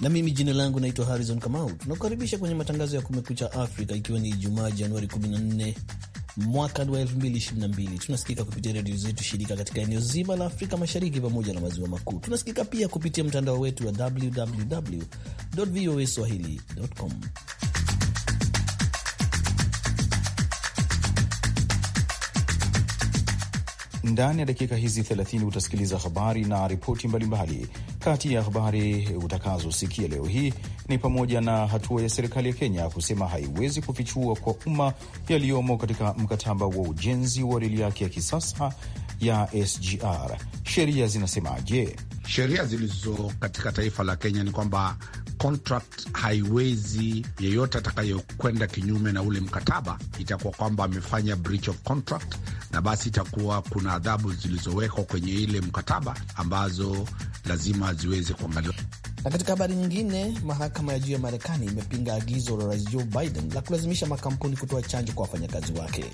na mimi jina langu naitwa Harrison Kamau. Tunakukaribisha kwenye matangazo ya Kumekucha Afrika, ikiwa ni Ijumaa Januari 14 mwaka wa 2022. Tunasikika kupitia redio zetu shirika katika eneo zima la Afrika Mashariki pamoja na maziwa makuu. Tunasikika pia kupitia mtandao wetu wa www voa swahili.com. Ndani ya dakika hizi 30 utasikiliza habari na ripoti mbalimbali kati ya habari utakazosikia leo hii ni pamoja na hatua ya serikali ya Kenya kusema haiwezi kufichua kwa umma yaliyomo katika mkataba wa ujenzi wa reli yake ya kisasa ya SGR. Sheria zinasemaje? Sheria zilizo katika taifa la Kenya ni kwamba contract haiwezi, yeyote atakayokwenda kinyume na ule mkataba itakuwa kwamba amefanya breach of contract, na basi itakuwa kuna adhabu zilizowekwa kwenye ile mkataba ambazo lazima ziweze kuangaliwa. Na katika habari nyingine, mahakama ya juu ya Marekani imepinga agizo la rais Joe Biden la kulazimisha makampuni kutoa chanjo kwa wafanyakazi wake.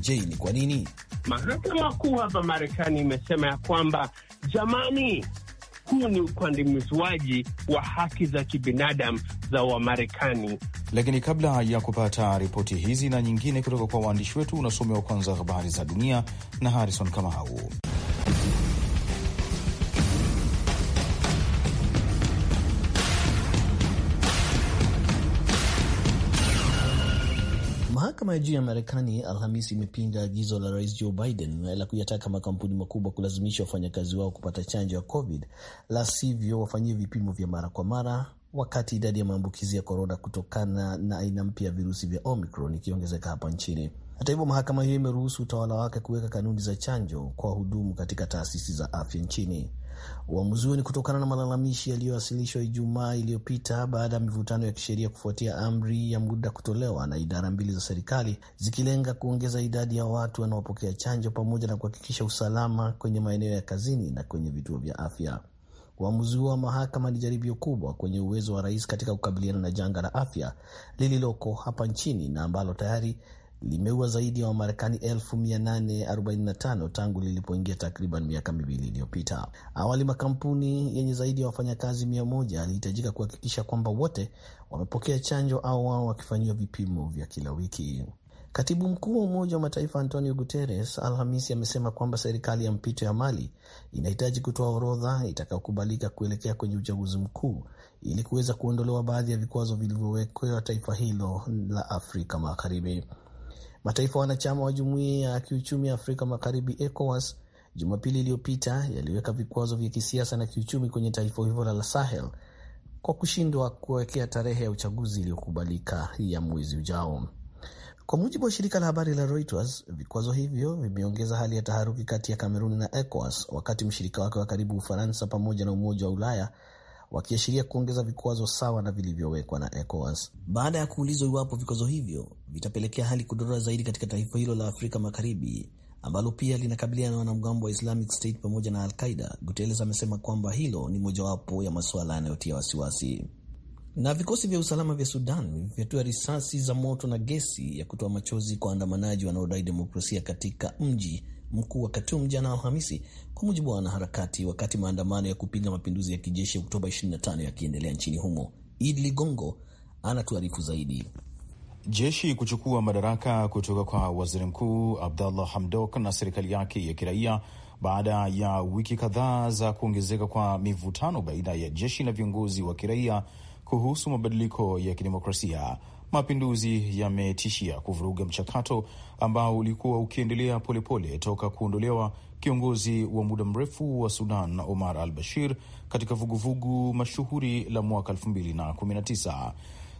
Je, ni kwa nini mahakama kuu hapa Marekani imesema ya kwamba jamani huu ni ukandamizwaji wa haki za kibinadamu za Wamarekani. Lakini kabla ya kupata ripoti hizi na nyingine kutoka kwa waandishi wetu, unasomewa kwanza habari za dunia na Harrison Kamau. Mahakama ya juu ya Marekani Alhamisi imepinga agizo la rais Joe Biden eh, la kuyataka makampuni makubwa kulazimisha wafanyakazi wao kupata chanjo ya COVID, la sivyo wafanyie vipimo vya mara kwa mara, wakati idadi ya maambukizi ya korona kutokana na aina mpya ya virusi vya Omicron ikiongezeka hapa nchini. Hata hivyo, mahakama hiyo imeruhusu utawala wake kuweka kanuni za chanjo kwa wahudumu katika taasisi za afya nchini. Uamuzi huo ni kutokana na malalamishi yaliyowasilishwa Ijumaa iliyopita baada ya mivutano ya kisheria kufuatia amri ya muda kutolewa na idara mbili za serikali zikilenga kuongeza idadi ya watu wanaopokea chanjo pamoja na kuhakikisha usalama kwenye maeneo ya kazini na kwenye vituo vya afya. Uamuzi huo wa mahakama ni jaribio kubwa kwenye uwezo wa rais katika kukabiliana na janga la afya lililoko hapa nchini na ambalo tayari limeua zaidi ya Wamarekani 845 tangu lilipoingia takriban miaka miwili iliyopita. Awali makampuni yenye zaidi ya wafanyakazi 100 yalihitajika kuhakikisha kwamba wote wamepokea chanjo au wao wakifanyiwa vipimo vya kila wiki. Katibu mkuu wa Umoja wa Mataifa Antonio Guterres Alhamisi amesema kwamba serikali ya mpito ya Mali inahitaji kutoa orodha itakayokubalika kuelekea kwenye uchaguzi mkuu ili kuweza kuondolewa baadhi ya vikwazo vilivyowekewa taifa hilo la Afrika Magharibi. Mataifa wanachama wa jumuiya ya kiuchumi ya Afrika Magharibi, ECOWAS, Jumapili iliyopita yaliweka vikwazo vya kisiasa na kiuchumi kwenye taifa hivyo la Sahel kwa kushindwa kuwekea tarehe ya uchaguzi iliyokubalika ya mwezi ujao. Kwa mujibu wa shirika la habari la Reuters, vikwazo hivyo vimeongeza hali ya taharuki kati ya Kamerun na ECOWAS, wakati mshirika wake wa karibu Ufaransa pamoja na Umoja wa Ulaya wakiashiria kuongeza vikwazo sawa na vilivyowekwa na ECOWAS. Baada ya kuulizwa iwapo vikwazo hivyo vitapelekea hali kudorora zaidi katika taifa hilo la Afrika Magharibi ambalo pia linakabiliana na wanamgambo wa Islamic State pamoja na Al-Qaida, Guterres amesema kwamba hilo ni mojawapo ya masuala yanayotia wasiwasi. Na vikosi vya usalama vya Sudan vimefyatua risasi za moto na gesi ya kutoa machozi kwa waandamanaji wanaodai demokrasia katika mji mkuu wa Khartoum jana Alhamisi, kwa mujibu wa wanaharakati, wakati maandamano ya kupinga mapinduzi ya kijeshi Oktoba 25 yakiendelea nchini humo. Id Ligongo anatuarifu zaidi. Jeshi kuchukua madaraka kutoka kwa waziri mkuu Abdallah Hamdok na serikali yake ya kiraia baada ya wiki kadhaa za kuongezeka kwa mivutano baina ya jeshi na viongozi wa kiraia kuhusu mabadiliko ya kidemokrasia mapinduzi yametishia kuvuruga mchakato ambao ulikuwa ukiendelea polepole toka kuondolewa kiongozi wa muda mrefu wa Sudan Omar al Bashir katika vuguvugu mashuhuri la mwaka 2019.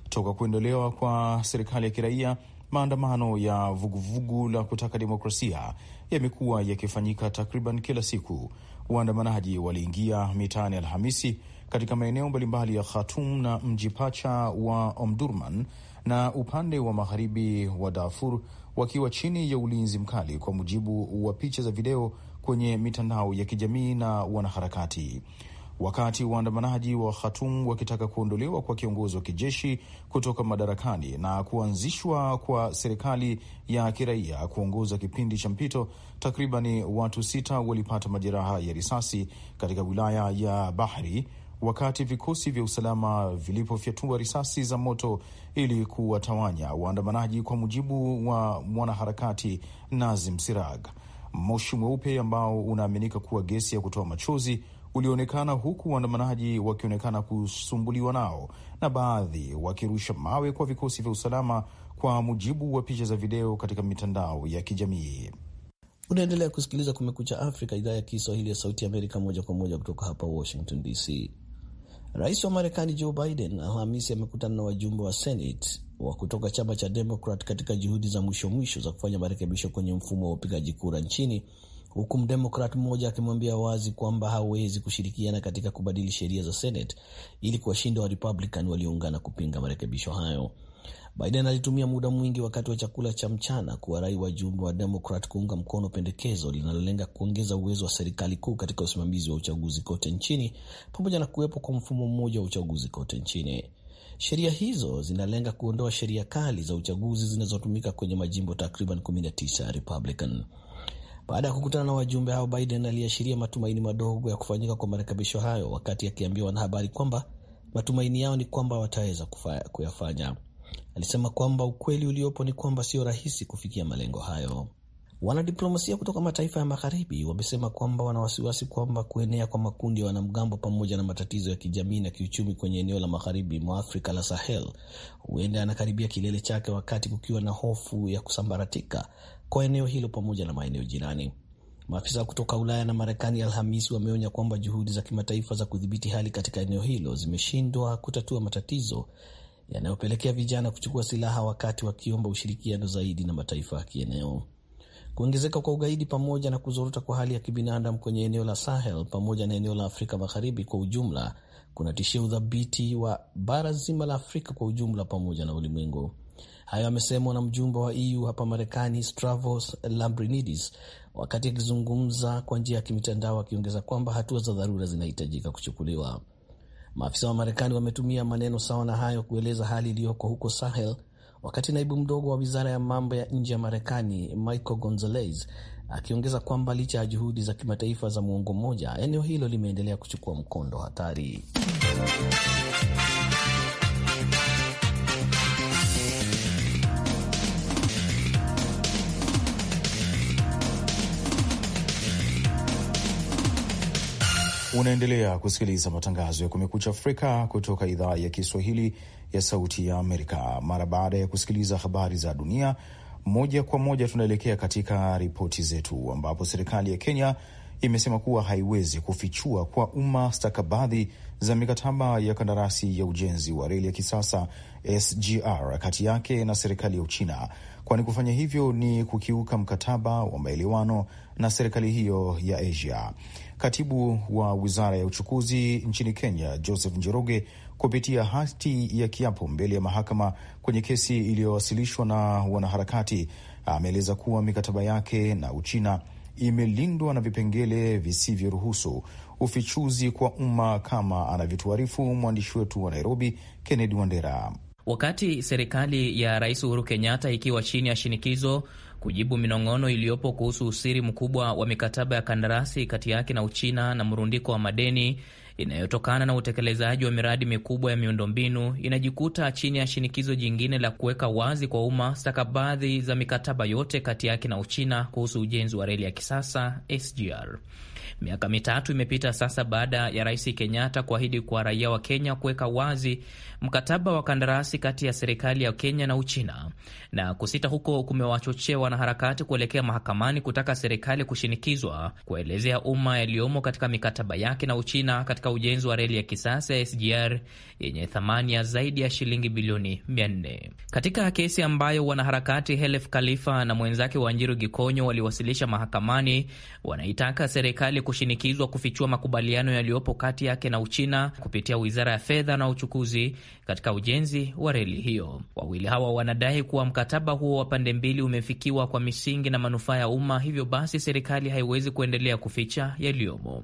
Toka kuondolewa kwa serikali ya kiraia, maandamano ya vuguvugu la kutaka demokrasia yamekuwa yakifanyika takriban kila siku. Waandamanaji waliingia mitaani Alhamisi katika maeneo mbalimbali ya khatum na mji pacha wa Omdurman na upande wa magharibi wa Darfur wakiwa chini ya ulinzi mkali, kwa mujibu wa picha za video kwenye mitandao ya kijamii na wanaharakati. Wakati waandamanaji wa khatum wakitaka kuondolewa kwa kiongozi wa kijeshi kutoka madarakani na kuanzishwa kwa serikali ya kiraia kuongoza kipindi cha mpito, takribani watu sita walipata majeraha ya risasi katika wilaya ya Bahri wakati vikosi vya usalama vilipofyatua risasi za moto ili kuwatawanya waandamanaji, kwa mujibu wa mwanaharakati Nazim Sirag. Moshi mweupe ambao unaaminika kuwa gesi ya kutoa machozi ulionekana huku waandamanaji wakionekana kusumbuliwa nao na baadhi wakirusha mawe kwa vikosi vya usalama, kwa mujibu wa picha za video katika mitandao ya kijamii. Unaendelea kusikiliza Kumekucha Afrika, idhaa ya Kiswahili ya Sauti ya Amerika, moja kwa moja kutoka hapa Washington DC. Rais wa Marekani Joe Biden Alhamisi amekutana na wajumbe wa Senate wa kutoka chama cha Demokrat katika juhudi za mwisho mwisho za kufanya marekebisho kwenye mfumo wa upigaji kura nchini, huku mdemokrat mmoja akimwambia wazi kwamba hawezi kushirikiana katika kubadili sheria za Senate ili kuwashinda Republican walioungana kupinga marekebisho hayo. Biden alitumia muda mwingi wakati wa chakula cha mchana kuwarai wajumbe wa Demokrat kuunga mkono pendekezo linalolenga kuongeza uwezo wa serikali kuu katika usimamizi wa uchaguzi kote nchini pamoja na kuwepo kwa mfumo mmoja wa uchaguzi kote nchini. Sheria hizo zinalenga kuondoa sheria kali za uchaguzi zinazotumika kwenye majimbo takriban 19 ya Republican. Baada ya kukutana na wajumbe hao, Biden aliashiria matumaini madogo ya kufanyika kwa marekebisho hayo, wakati akiambia wanahabari kwamba matumaini yao ni kwamba wataweza kuyafanya alisema kwamba ukweli uliopo ni kwamba sio rahisi kufikia malengo hayo. Wanadiplomasia kutoka mataifa ya magharibi wamesema kwamba wana wasiwasi kwamba kuenea kwa makundi ya wanamgambo pamoja na matatizo ya kijamii na kiuchumi kwenye eneo la magharibi mwa Afrika la Sahel huenda yanakaribia kilele chake, wakati kukiwa na hofu ya kusambaratika kwa eneo hilo pamoja na maeneo jirani. Maafisa kutoka Ulaya na Marekani Alhamisi wameonya kwamba juhudi za kimataifa za kudhibiti hali katika eneo hilo zimeshindwa kutatua matatizo yanayopelekea vijana kuchukua silaha wakati wakiomba ushirikiano zaidi na mataifa ya kieneo. Kuongezeka kwa ugaidi pamoja na kuzorota kwa hali ya kibinadamu kwenye eneo la Sahel pamoja na eneo la Afrika Magharibi kwa ujumla kunatishia udhabiti wa bara zima la Afrika kwa ujumla pamoja na ulimwengu. Hayo amesemwa na mjumbe wa EU hapa Marekani, Stavros Lambrinidis, wakati akizungumza kwa njia ya kimitandao, akiongeza kwamba hatua za dharura zinahitajika kuchukuliwa. Maafisa wa Marekani wametumia maneno sawa na hayo kueleza hali iliyoko huko Sahel, wakati naibu mdogo wa wizara ya mambo ya nje ya Marekani Michael Gonzalez akiongeza kwamba licha ya juhudi za kimataifa za muongo mmoja, eneo hilo limeendelea kuchukua mkondo hatari. Unaendelea kusikiliza matangazo ya Kumekucha Afrika kutoka idhaa ya Kiswahili ya Sauti ya Amerika. Mara baada ya kusikiliza habari za dunia moja kwa moja, tunaelekea katika ripoti zetu, ambapo serikali ya Kenya imesema kuwa haiwezi kufichua kwa umma stakabadhi za mikataba ya kandarasi ya ujenzi wa reli ya kisasa SGR kati yake na serikali ya Uchina kwani kufanya hivyo ni kukiuka mkataba wa maelewano na serikali hiyo ya Asia. Katibu wa wizara ya uchukuzi nchini Kenya, Joseph Njoroge, kupitia hati ya kiapo mbele ya mahakama kwenye kesi iliyowasilishwa na wanaharakati, ameeleza kuwa mikataba yake na Uchina imelindwa na vipengele visivyoruhusu ufichuzi kwa umma, kama anavyotuarifu mwandishi wetu wa Nairobi, Kennedy Wandera. Wakati serikali ya Rais Uhuru Kenyatta ikiwa chini ya shinikizo kujibu minong'ono iliyopo kuhusu usiri mkubwa wa mikataba ya kandarasi kati yake na Uchina na mrundiko wa madeni inayotokana na utekelezaji wa miradi mikubwa ya miundombinu, inajikuta chini ya shinikizo jingine la kuweka wazi kwa umma stakabadhi za mikataba yote kati yake na Uchina kuhusu ujenzi wa reli ya kisasa SGR. Miaka mitatu imepita sasa baada ya Rais Kenyatta kuahidi kwa raia wa Kenya kuweka wazi mkataba wa kandarasi kati ya serikali ya Kenya na Uchina. Na kusita huko kumewachochea wanaharakati kuelekea mahakamani kutaka serikali kushinikizwa kuelezea umma yaliyomo katika mikataba yake na Uchina katika ujenzi wa reli ya kisasa ya SGR yenye thamani ya zaidi ya shilingi bilioni 400. Katika kesi ambayo wanaharakati Helef Khalifa na mwenzake Wanjiru Gikonyo waliwasilisha mahakamani, wanaitaka serikali kushinikizwa kufichua makubaliano yaliyopo kati yake na Uchina kupitia wizara ya fedha na uchukuzi katika ujenzi wa reli hiyo. Wawili hawa wanadai kuwa mkataba huo wa pande mbili umefikiwa kwa misingi na manufaa ya umma, hivyo basi serikali haiwezi kuendelea kuficha yaliyomo.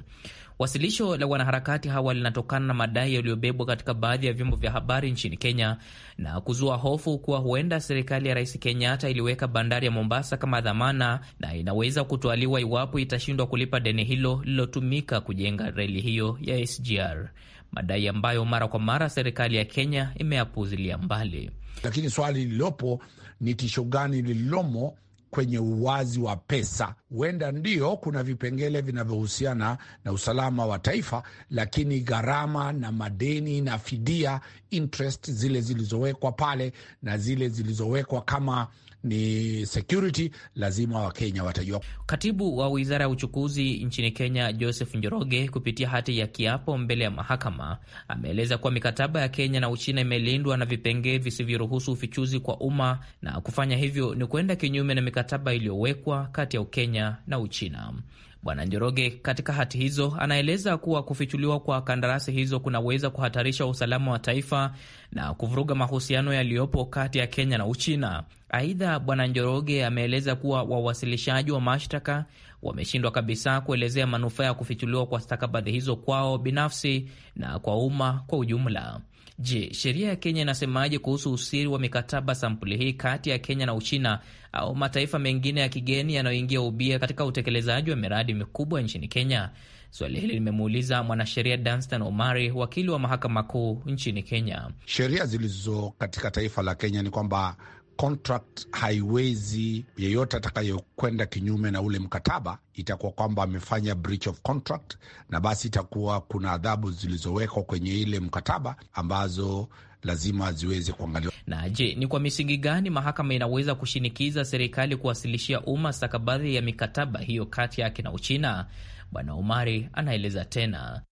Wasilisho la wanaharakati hawa linatokana na madai yaliyobebwa katika baadhi ya vyombo vya habari nchini Kenya na kuzua hofu kuwa huenda serikali ya Rais Kenyatta iliweka bandari ya Mombasa kama dhamana na inaweza kutwaliwa iwapo itashindwa kulipa deni hilo lililotumika kujenga reli hiyo ya SGR madai ambayo mara kwa mara serikali ya Kenya imeyapuzilia mbali. Lakini swali lililopo ni tisho gani lililomo kwenye uwazi wa pesa. Huenda ndio kuna vipengele vinavyohusiana na usalama wa taifa, lakini gharama na madeni na fidia interest, zile zilizowekwa pale na zile zilizowekwa kama ni security, lazima Wakenya watajua. Katibu wa wizara ya uchukuzi nchini Kenya Joseph Njoroge, kupitia hati ya kiapo mbele ya mahakama, ameeleza kuwa mikataba ya Kenya na Uchina imelindwa na vipengee visivyoruhusu ufichuzi kwa umma, na kufanya hivyo ni kuenda kinyume na mikataba iliyowekwa kati ya Ukenya na Uchina. Bwana Njoroge katika hati hizo anaeleza kuwa kufichuliwa kwa kandarasi hizo kunaweza kuhatarisha usalama wa taifa na kuvuruga mahusiano yaliyopo kati ya Kenya na Uchina. Aidha, Bwana Njoroge ameeleza kuwa wawasilishaji wa mashtaka wameshindwa kabisa kuelezea manufaa ya kufichuliwa kwa stakabadhi hizo kwao binafsi na kwa umma kwa ujumla. Je, sheria ya Kenya inasemaje kuhusu usiri wa mikataba sampuli hii kati ya Kenya na Uchina au mataifa mengine ya kigeni yanayoingia ubia katika utekelezaji wa miradi mikubwa nchini Kenya? Swali hili limemuuliza mwanasheria Danstan Omari, wakili wa mahakama kuu nchini Kenya. Sheria zilizo katika taifa la Kenya ni kwamba contract haiwezi, yeyote atakayokwenda kinyume na ule mkataba itakuwa kwamba amefanya breach of contract, na basi itakuwa kuna adhabu zilizowekwa kwenye ile mkataba ambazo lazima ziweze kuangaliwa. Na je, ni kwa misingi gani mahakama inaweza kushinikiza serikali kuwasilishia umma stakabadhi ya mikataba hiyo kati yake na Uchina? Bwana Omari anaeleza tena.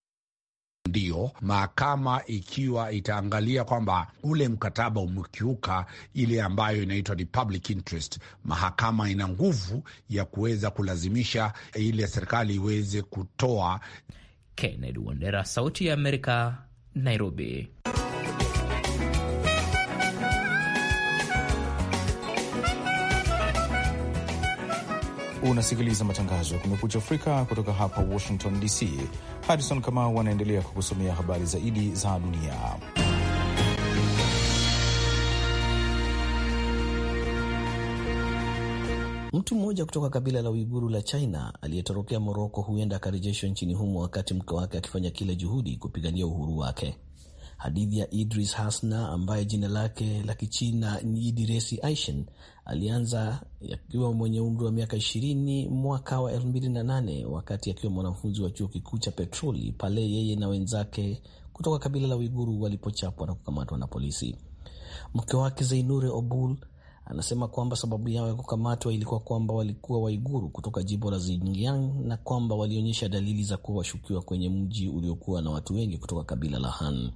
Ndiyo, mahakama ikiwa itaangalia kwamba ule mkataba umekiuka ile ambayo inaitwa public interest, mahakama ina nguvu ya kuweza kulazimisha ile serikali iweze kutoa. Kennedy Wandera, Sauti ya Amerika, Nairobi. Unasikiliza matangazo ya Kumekucha Afrika kutoka hapa Washington DC. Harrison Kamau anaendelea kukusomea habari zaidi za dunia. Mtu mmoja kutoka kabila la Uiguru la China aliyetorokea Moroko huenda akarejeshwa nchini humo wakati mke wake akifanya kila juhudi kupigania uhuru wake. Hadithi ya Idris Hasna ambaye jina lake la Kichina ni Idiresi Aishin alianza akiwa mwenye umri wa miaka ishirini mwaka wa 2008 wakati akiwa mwanafunzi wa chuo kikuu cha petroli pale yeye na wenzake kutoka kabila la Uiguru walipochapwa na kukamatwa na polisi. Mke wake Zainure Obul anasema kwamba sababu yao ya kukamatwa ilikuwa kwamba walikuwa Waiguru kutoka jimbo la Xinjiang na kwamba walionyesha dalili za kuwa washukiwa kwenye mji uliokuwa na watu wengi kutoka kabila la Han.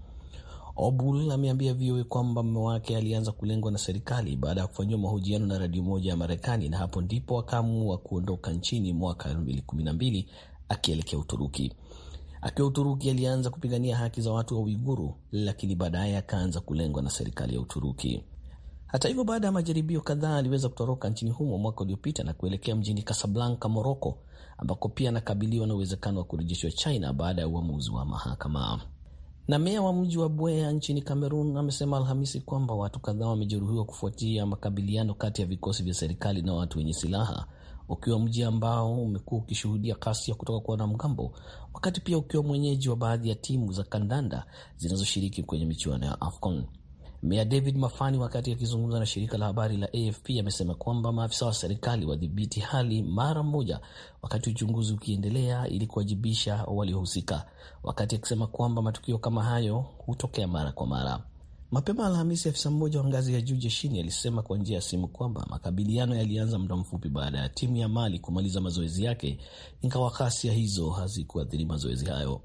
Obul ameambia VOA kwamba mume wake alianza kulengwa na serikali baada ya kufanyiwa mahojiano na redio moja ya Marekani, na hapo ndipo akaamua kuondoka nchini mwaka 2012 akielekea Uturuki. Akiwa Uturuki alianza kupigania haki za watu wa Uiguru, lakini baadaye akaanza kulengwa na serikali ya Uturuki. Hata hivyo, baada ya majaribio kadhaa aliweza kutoroka nchini humo mwaka uliopita na kuelekea mjini Kasablanka, Moroko, ambako pia anakabiliwa na uwezekano wa kurejeshwa China baada ya uamuzi wa mahakama. Na meya wa mji wa Buea nchini cameron amesema Alhamisi kwamba watu kadhaa wamejeruhiwa kufuatia makabiliano kati ya vikosi vya serikali na watu wenye silaha, ukiwa mji ambao umekuwa ukishuhudia kasi ya kutoka kwa wanamgambo, wakati pia ukiwa mwenyeji wa baadhi ya timu za kandanda zinazoshiriki kwenye michuano ya AFCON. Meya David Mafani, wakati akizungumza na shirika la habari la AFP, amesema kwamba maafisa wa serikali wadhibiti hali mara moja, wakati uchunguzi ukiendelea, ili kuwajibisha waliohusika, wakati akisema kwamba matukio kama hayo hutokea mara kwa mara. Mapema Alhamisi, afisa mmoja wa ngazi ya juu jeshini alisema kwa njia ya simu kwamba makabiliano yalianza muda mfupi baada ya timu ya Mali kumaliza mazoezi yake, ingawa ghasia hizo hazikuathiri mazoezi hayo.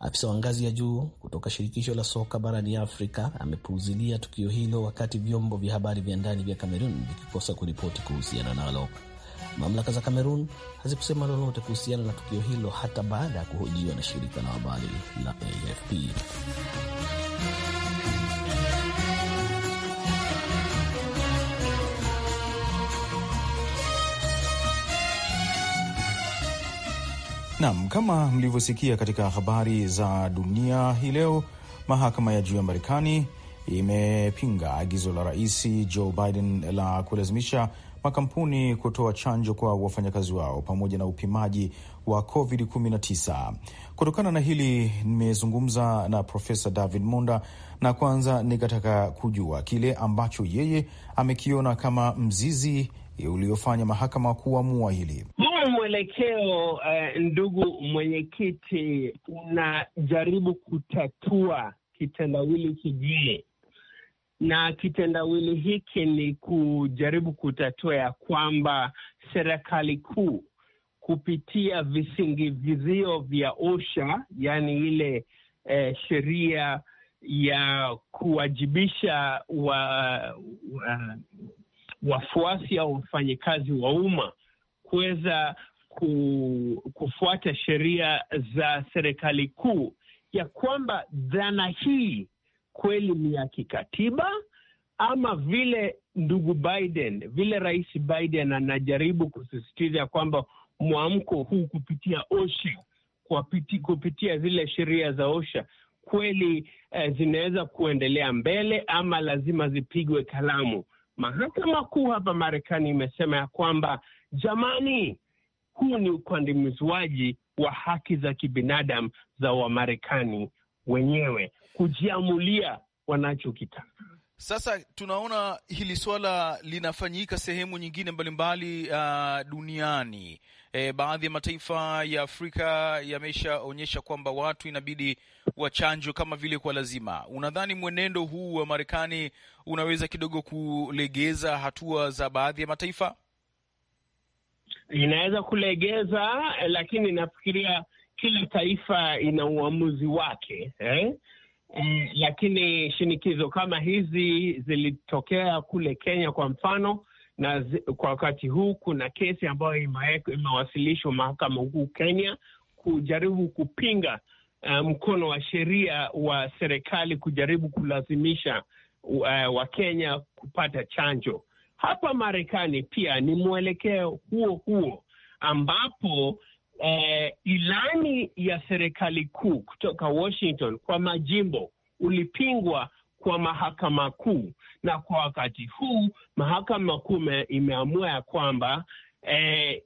Afisa wa ngazi ya juu kutoka shirikisho la soka barani Afrika amepuuzilia tukio hilo wakati vyombo vya habari vya ndani vya Kamerun vikikosa kuripoti kuhusiana nalo. Mamlaka za Kamerun hazikusema lolote kuhusiana na tukio hilo hata baada ya kuhojiwa na shirika la habari la AFP. Naam, kama mlivyosikia katika habari za dunia hii leo, mahakama ya juu ya Marekani imepinga agizo la Rais Joe Biden la kulazimisha makampuni kutoa chanjo kwa wafanyakazi wao pamoja na upimaji wa COVID-19. Kutokana na hili, nimezungumza na Profesa David Monda na kwanza nikataka kujua kile ambacho yeye amekiona kama mzizi uliofanya mahakama kuamua hili. Mwelekeo uh, ndugu mwenyekiti, unajaribu kutatua kitendawili kijie, na kitendawili hiki ni kujaribu kutatua ya kwamba serikali kuu kupitia visingivizio vya OSHA, yaani ile eh, sheria ya kuwajibisha wa, wa, wafuasi au wafanyikazi wa umma kuweza ku, kufuata sheria za serikali kuu, ya kwamba dhana hii kweli ni ya kikatiba ama vile ndugu Biden, vile rais Biden anajaribu kusisitiza kwamba mwamko huu kupitia OSHA, kupitia, kupitia zile sheria za OSHA kweli eh, zinaweza kuendelea mbele ama lazima zipigwe kalamu. Mahakama Kuu hapa Marekani imesema ya kwamba jamani, huu ni ukandamizwaji wa haki za kibinadamu za Wamarekani wenyewe kujiamulia wanachokitaka. Sasa tunaona hili swala linafanyika sehemu nyingine mbalimbali mbali, uh, duniani. E, baadhi ya mataifa ya Afrika yameshaonyesha kwamba watu inabidi wa chanjo kama vile kwa lazima. Unadhani mwenendo huu wa Marekani unaweza kidogo kulegeza hatua za baadhi ya mataifa? Inaweza kulegeza, lakini nafikiria kila taifa ina uamuzi wake eh? Mm, lakini shinikizo kama hizi zilitokea kule Kenya kwa mfano, na zi, kwa wakati huu kuna kesi ambayo imewasilishwa mahakama kuu Kenya kujaribu kupinga Uh, mkono wa sheria wa serikali kujaribu kulazimisha uh, Wakenya kupata chanjo. Hapa Marekani pia ni mwelekeo huo huo ambapo uh, ilani ya serikali kuu kutoka Washington kwa majimbo ulipingwa kwa mahakama kuu, na kwa wakati huu mahakama kuu imeamua ya kwamba eh,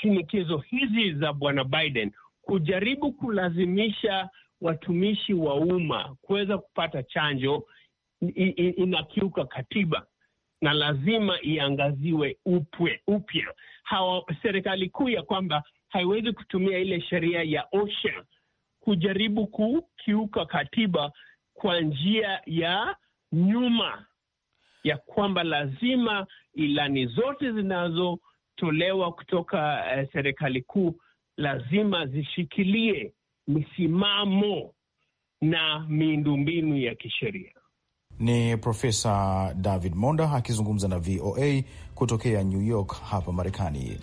shinikizo hizi za bwana Biden kujaribu kulazimisha watumishi wa umma kuweza kupata chanjo inakiuka katiba na lazima iangaziwe upya. Hawa serikali kuu ya kwamba haiwezi kutumia ile sheria ya OSHA kujaribu kukiuka katiba kwa njia ya nyuma ya kwamba lazima ilani zote zinazotolewa kutoka uh, serikali kuu lazima zishikilie misimamo na miundombinu ya kisheria. Ni Profesa David Monda akizungumza na VOA kutokea New York hapa Marekani.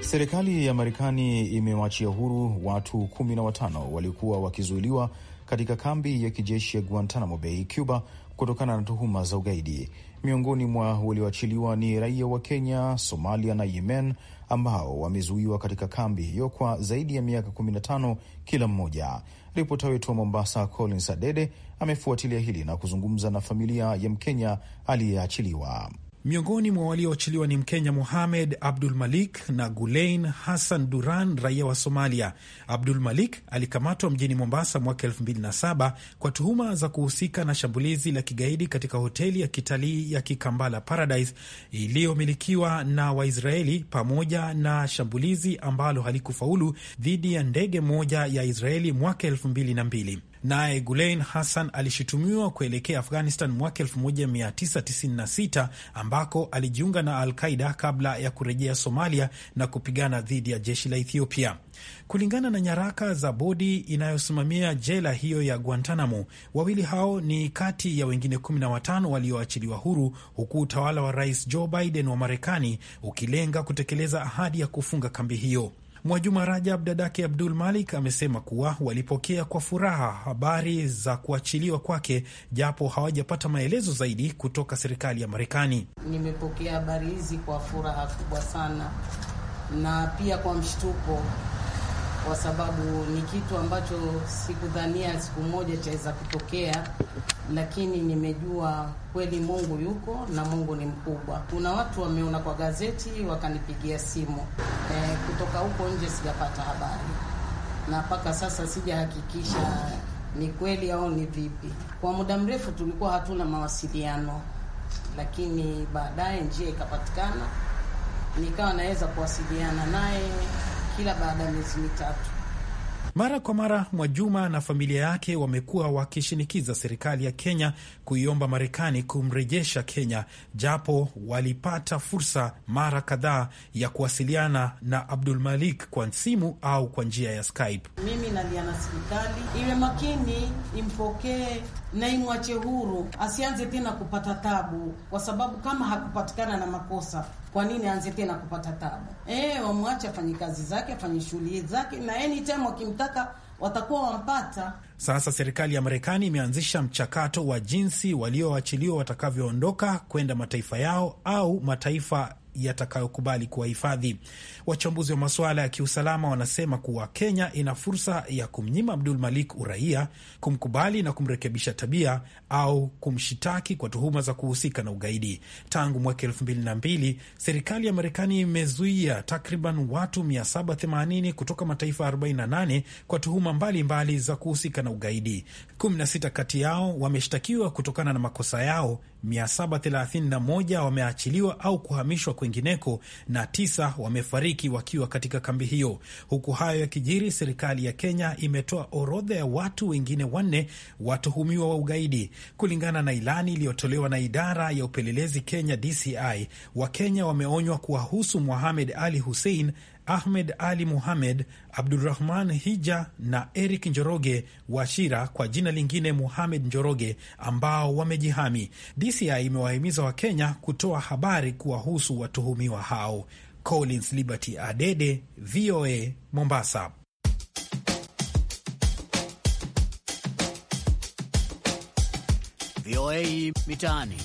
Serikali ya Marekani imewachia huru watu kumi na watano waliokuwa wakizuiliwa katika kambi ya kijeshi ya Guantanamo Bay, Cuba kutokana na tuhuma za ugaidi. Miongoni mwa walioachiliwa ni raia wa Kenya, Somalia na Yemen ambao wamezuiwa katika kambi hiyo kwa zaidi ya miaka 15 kila mmoja. Ripota wetu wa Mombasa, Collins Adede, amefuatilia hili na kuzungumza na familia ya Mkenya aliyeachiliwa. Miongoni mwa walioachiliwa ni Mkenya Mohamed Abdul Malik na Gulein Hassan Duran, raia wa Somalia. Abdul Malik alikamatwa mjini Mombasa mwaka 2007 kwa tuhuma za kuhusika na shambulizi la kigaidi katika hoteli ya kitalii ya Kikambala Paradise iliyomilikiwa na Waisraeli, pamoja na shambulizi ambalo halikufaulu dhidi ya ndege moja ya Israeli mwaka 2002. Naye Gulein Hassan alishutumiwa kuelekea Afghanistan mwaka 1996 ambako alijiunga na Al Qaida kabla ya kurejea Somalia na kupigana dhidi ya jeshi la Ethiopia. Kulingana na nyaraka za bodi inayosimamia jela hiyo ya Guantanamo, wawili hao ni kati ya wengine 15 walioachiliwa huru, huku utawala wa Rais Joe Biden wa Marekani ukilenga kutekeleza ahadi ya kufunga kambi hiyo. Mwajuma Rajab, dadake Abdul Malik, amesema kuwa walipokea kwa furaha habari za kuachiliwa kwake, japo hawajapata maelezo zaidi kutoka serikali ya Marekani. Nimepokea habari hizi kwa furaha kubwa sana na pia kwa mshtuko kwa sababu ni kitu ambacho sikudhania siku moja chaweza kutokea, lakini nimejua kweli Mungu yuko na Mungu ni mkubwa. Kuna watu wameona kwa gazeti wakanipigia simu e, kutoka huko nje sijapata habari na mpaka sasa sijahakikisha ni kweli au ni vipi. Kwa muda mrefu tulikuwa hatuna mawasiliano, lakini baadaye njia ikapatikana, nikawa naweza kuwasiliana naye kila baada ya miezi mitatu. Mara kwa mara Mwajuma na familia yake wamekuwa wakishinikiza serikali ya Kenya kuiomba Marekani kumrejesha Kenya, japo walipata fursa mara kadhaa ya kuwasiliana na Abdul Malik kwa simu au kwa njia ya Skype. Mimi nalia na serikali iwe makini, impokee na imwache huru, asianze tena kupata tabu, kwa sababu kama hakupatikana na makosa kwa nini aanze tena kupata tabu? Eh, wamwache afanye kazi zake, afanye shughuli zake, na anytime wakimtaka watakuwa wampata. Sasa serikali ya Marekani imeanzisha mchakato wa jinsi walioachiliwa watakavyoondoka kwenda mataifa yao au mataifa yatakayokubali kuwahifadhi. Wachambuzi wa masuala ya kiusalama wanasema kuwa Kenya ina fursa ya kumnyima Abdul Malik uraia, kumkubali na kumrekebisha tabia au kumshitaki kwa tuhuma za kuhusika na ugaidi. Tangu mwaka elfu mbili na mbili serikali ya Marekani imezuia takriban watu 780 kutoka mataifa 48 kwa tuhuma mbalimbali mbali za kuhusika na ugaidi. 16 kati yao wameshtakiwa kutokana na makosa yao 731 wameachiliwa au kuhamishwa kwingineko na tisa wamefariki wakiwa katika kambi hiyo. Huku hayo yakijiri, serikali ya Kenya imetoa orodha ya watu wengine wanne watuhumiwa wa ugaidi. Kulingana na ilani iliyotolewa na idara ya upelelezi Kenya DCI, Wakenya wameonywa kuwahusu muhamed Ali Hussein Ahmed Ali Muhamed, Abdurahman Hija na Eric Njoroge wa Shira, kwa jina lingine Muhamed Njoroge, ambao wamejihami. DCI imewahimiza Wakenya kutoa habari kuwahusu watuhumiwa hao. Collins Liberty Adede, VOA Mombasa. VOA Mitaani.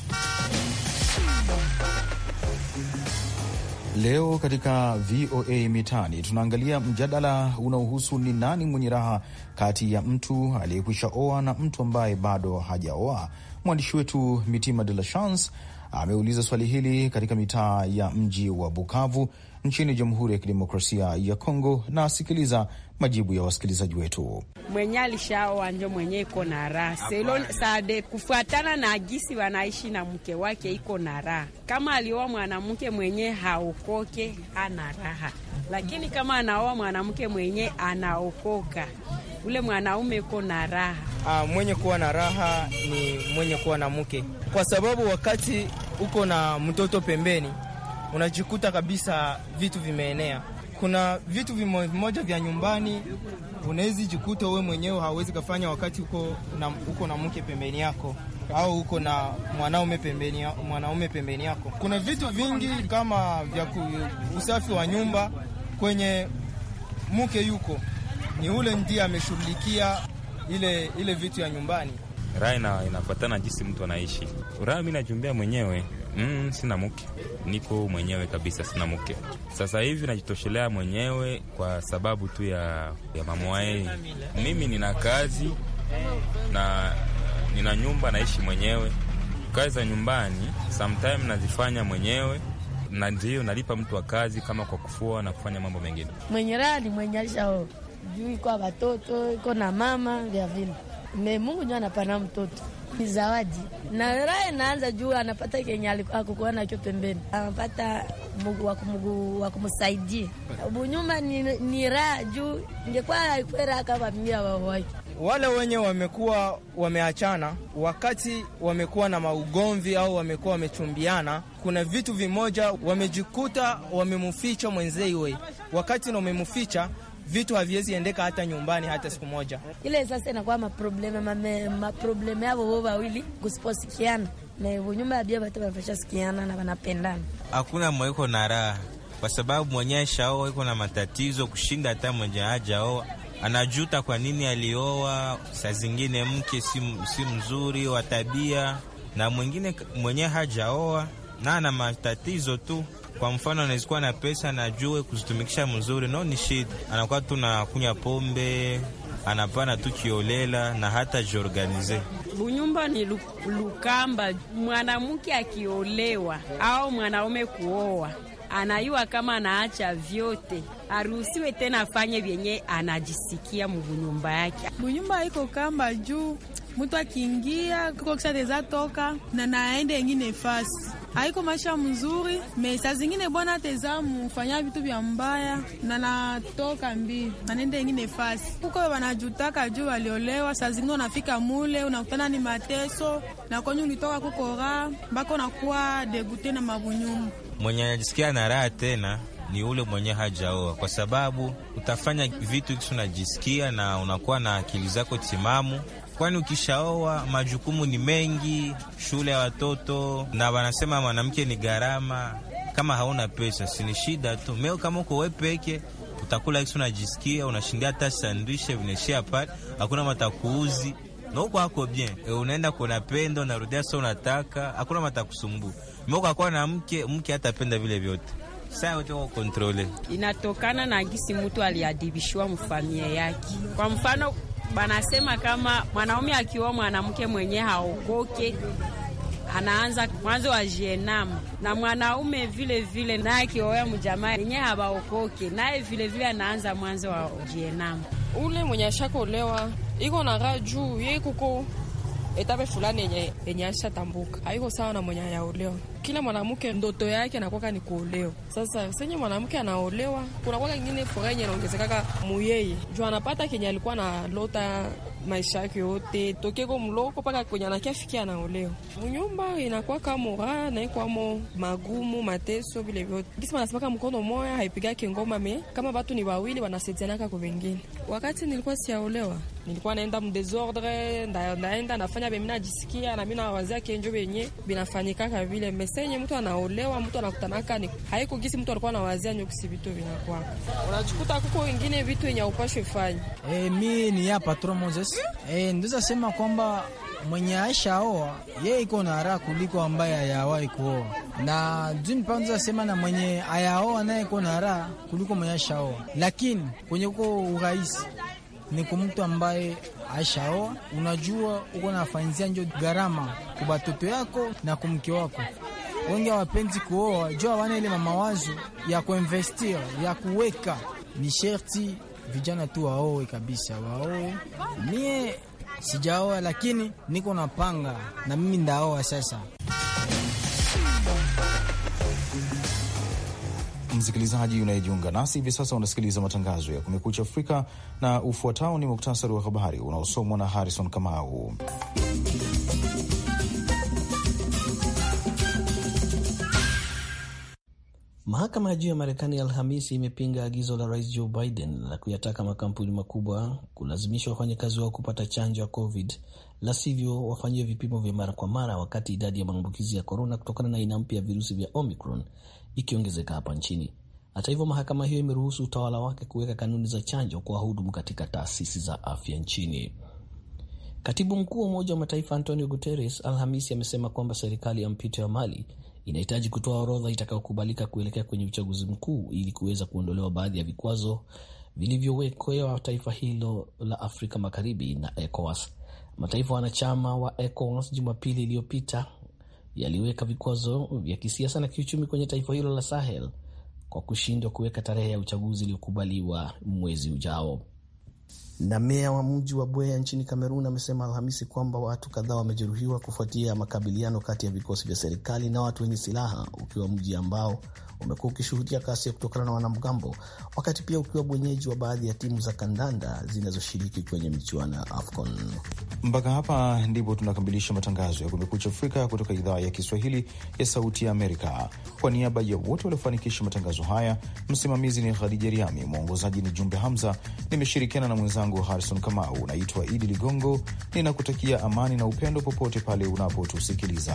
Leo katika VOA Mitaani tunaangalia mjadala unaohusu ni nani mwenye raha kati ya mtu aliyekwisha oa na mtu ambaye bado hajaoa. Mwandishi wetu Mitima De La Chance ameuliza swali hili katika mitaa ya mji wa Bukavu nchini Jamhuri ya Kidemokrasia ya Kongo, na asikiliza majibu ya wasikilizaji wetu. Mwenye alishaoa njo mwenye iko na raha sade, kufuatana na agisi wanaishi na mke wake, iko na raha. Kama alioa mwanamke mwenye haokoke, ana raha, lakini kama anaoa mwanamke mwenye anaokoka, ule mwanaume iko na raha. Ah, mwenye kuwa na raha ni mwenye kuwa na mke, kwa sababu wakati uko na mtoto pembeni unajikuta kabisa vitu vimeenea kuna vitu vimoja vya nyumbani unawezi jikuta wewe mwenyewe hauwezi kafanya wakati uko na, uko na mke pembeni yako au uko na mwanaume pembeni, mwanaume pembeni yako. Kuna vitu vingi kama vya usafi wa nyumba kwenye mke yuko ni ule ndiye ameshughulikia ile, ile vitu ya nyumbani. Raha inafuatana jinsi mtu anaishi. Raha mi najumbia mwenyewe Mm, sina mke, niko mwenyewe kabisa, sina mke. Sasa hivi najitoshelea mwenyewe kwa sababu tu ya, ya mamwae. Mimi nina kazi na nina nyumba, naishi mwenyewe. Kazi za nyumbani sometimes nazifanya mwenyewe na ndio nalipa mtu wa kazi kama kwa kufua na kufanya mambo mengine mwenye raha ni mwenye alishao juu iko watoto iko na mama vya vile me Mungu ndio anapana mtoto ni zawadi, na raha inaanza juu anapata kenye akukuwa nacho pembeni, anapata wa kumsaidia bunyuma. Ni, ni raha juu, ingekuwa ikuwe raha kama mia wawaki wale wenye wamekuwa wameachana wakati wamekuwa na maugomvi au wamekuwa wamechumbiana, kuna vitu vimoja wamejikuta wamemficha mwenzeiwe, wakati na umemuficha vitu haviwezi endeka hata nyumbani hata siku moja. Ile sasa inakuwa maprobleme maprobleme yao wao wawili kusiposikiana na hivyo nyumba ya biaba batu wanafasha sikiana na wanapendana, hakuna mweko na raha, kwa sababu mwenye shao iko na matatizo kushinda hata mwenye hajao anajuta kwa nini alioa. Saa zingine mke si, si mzuri wa tabia, na mwingine mwenye hajaoa na ana matatizo tu kwa mfano, anazikuwa na pesa najue kuzitumikisha mzuri, no ni shida, anakuwa tu na kunya pombe, anapana tu kiolela na hata jiorganize bunyumba ni lukamba. Mwanamke akiolewa au mwanaume kuoa anayua kama anaacha vyote, aruhusiwe tena afanye vyenye anajisikia mubunyumba yake. Bunyumba iko kamba juu, mtu akiingia kuko tezatoka na naende engine fasi haiko maisha mzuri. Me saa zingine bwana teza mufanya vitu vya mbaya na natoka mbii nanende ingine fasi huko wanajutaka juu waliolewa. Saa zingine unafika mule unakutana ni mateso na kwenye ulitoka kukora mpaka unakuwa degute na mabunyumu. Mwenye anajisikia na raha tena ni ule mwenye hajaoa, kwa sababu utafanya vitu unajisikia na unakuwa na akili zako timamu kwani ukishaoa majukumu ni mengi, shule ya watoto, na wanasema mwanamke ni gharama. Kama hauna pesa sini shida tu meo, kama uko we peke utakula kisi unajisikia unashindia, hata sandwishe vineshia pale, hakuna matakuuzi na uko hako bien e, unaenda kuna pendo narudia, so unataka hakuna matakusumbu meo, kakwa na mke mke hatapenda vile vyote saa yote wako kontrole, inatokana na gisi mutu aliadibishwa mfamia yake, kwa mfano banasema kama mwanaume akiwa mwanamke mwenye haokoke anaanza mwanzo wa jenam na mwanaume vile vile naye akioa mjamaa yenye habaokoke naye vile vile anaanza mwanzo wa jenam. Ule mwenye ashakolewa iko na raha juu yeye kuko etape fulani yenye ashatambuka, haiko sawa na mwenye ayaolewa kila mwanamke ndoto yake anakwaka ni kuolewa. Sasa senye mwanamke anaolewa, kuna kwaka ingine furaha yenye anaongezekaka muyeye juu anapata kenye alikuwa na lota maisha yake yote tokeko mloko mpaka kwenye anakiafikia anaolewa. Mnyumba inakwaka mora naikwamo magumu mateso vile vyote, kisi wanasemaka mkono moya haipigake ngoma me kama watu ni wawili wanasaidianaka kwa vengine. Wakati nilikuwa siaolewa nilikuwa naenda mdesordre, ndaenda nafanya beminajisikia nami nawawazia kenjo venye binafanyikaka vile senye mtu anaolewa, mtu anakutanaka ni haiko gisi mtu alikuwa anawazia nyokusi, vitu vinakuwa unachukuta kuko wengine vitu yenye upashwe fanya. Eh, mi ni ya patron Moses. Eh, ndio sema kwamba mwenye aisha oa yeye iko na raha kuliko ambaye hayawahi kuoa, na juni panza sema na mwenye hayaoa naye iko na raha kuliko mwenye aisha oa, lakini kwenye uko urahisi ni kwa mtu ambaye aishaoa, unajua uko nafanzia njo gharama kwa batoto yako na kumke wako wengi hawapendi kuoa juu hawana ile mawazo ya kuinvestir ya kuweka. Ni sherti vijana tu waoe kabisa, waoe. Mie sijaoa, lakini niko napanga na mimi ndaoa sasa. Msikilizaji unayejiunga nasi hivi sasa, unasikiliza matangazo ya Kumekucha Afrika na ufuatao ni muktasari wa habari unaosomwa na Harrison Kamau. Mahakama ya juu ya Marekani Alhamisi imepinga agizo la rais Joe Biden la kuyataka makampuni makubwa kulazimisha wafanyakazi wao kupata chanjo ya COVID, la sivyo wafanyiwe vipimo vya mara kwa mara, wakati idadi ya maambukizi ya korona kutokana na aina mpya ya virusi vya Omicron ikiongezeka hapa nchini. Hata hivyo, mahakama hiyo imeruhusu utawala wake kuweka kanuni za chanjo kwa wahudumu katika taasisi za afya nchini. Katibu mkuu wa Umoja wa Mataifa Antonio Guterres Alhamisi amesema kwamba serikali ya mpito ya Mali inahitaji kutoa orodha itakayokubalika kuelekea kwenye uchaguzi mkuu ili kuweza kuondolewa baadhi ya vikwazo vilivyowekewa taifa hilo la Afrika Magharibi na ECOWAS. Mataifa wanachama wa ECOWAS Jumapili iliyopita yaliweka vikwazo vya kisiasa na kiuchumi kwenye taifa hilo la Sahel kwa kushindwa kuweka tarehe ya uchaguzi iliyokubaliwa mwezi ujao. Na meya wa mji wa bweya nchini Kamerun amesema Alhamisi kwamba watu kadhaa wamejeruhiwa kufuatia makabiliano kati ya vikosi vya serikali na watu wenye silaha ukiwa mji ambao umekuwa ukishuhudia kasi ya kutokana na wanamgambo, wakati pia ukiwa mwenyeji wa baadhi ya timu za kandanda zinazoshiriki kwenye michuano ya AFCON. Mpaka hapa ndipo tunakamilisha matangazo ya Kumekucha Afrika kutoka idhaa ya Kiswahili ya Sauti ya Amerika. Kwa niaba ya wote waliofanikisha matangazo haya, msimamizi ni Khadija Riami, mwongozaji ni Jumbe Hamza, nimeshirikiana na mwenzangu Harrison Kamau. Naitwa Idi Ligongo, ninakutakia amani na upendo popote pale unapotusikiliza.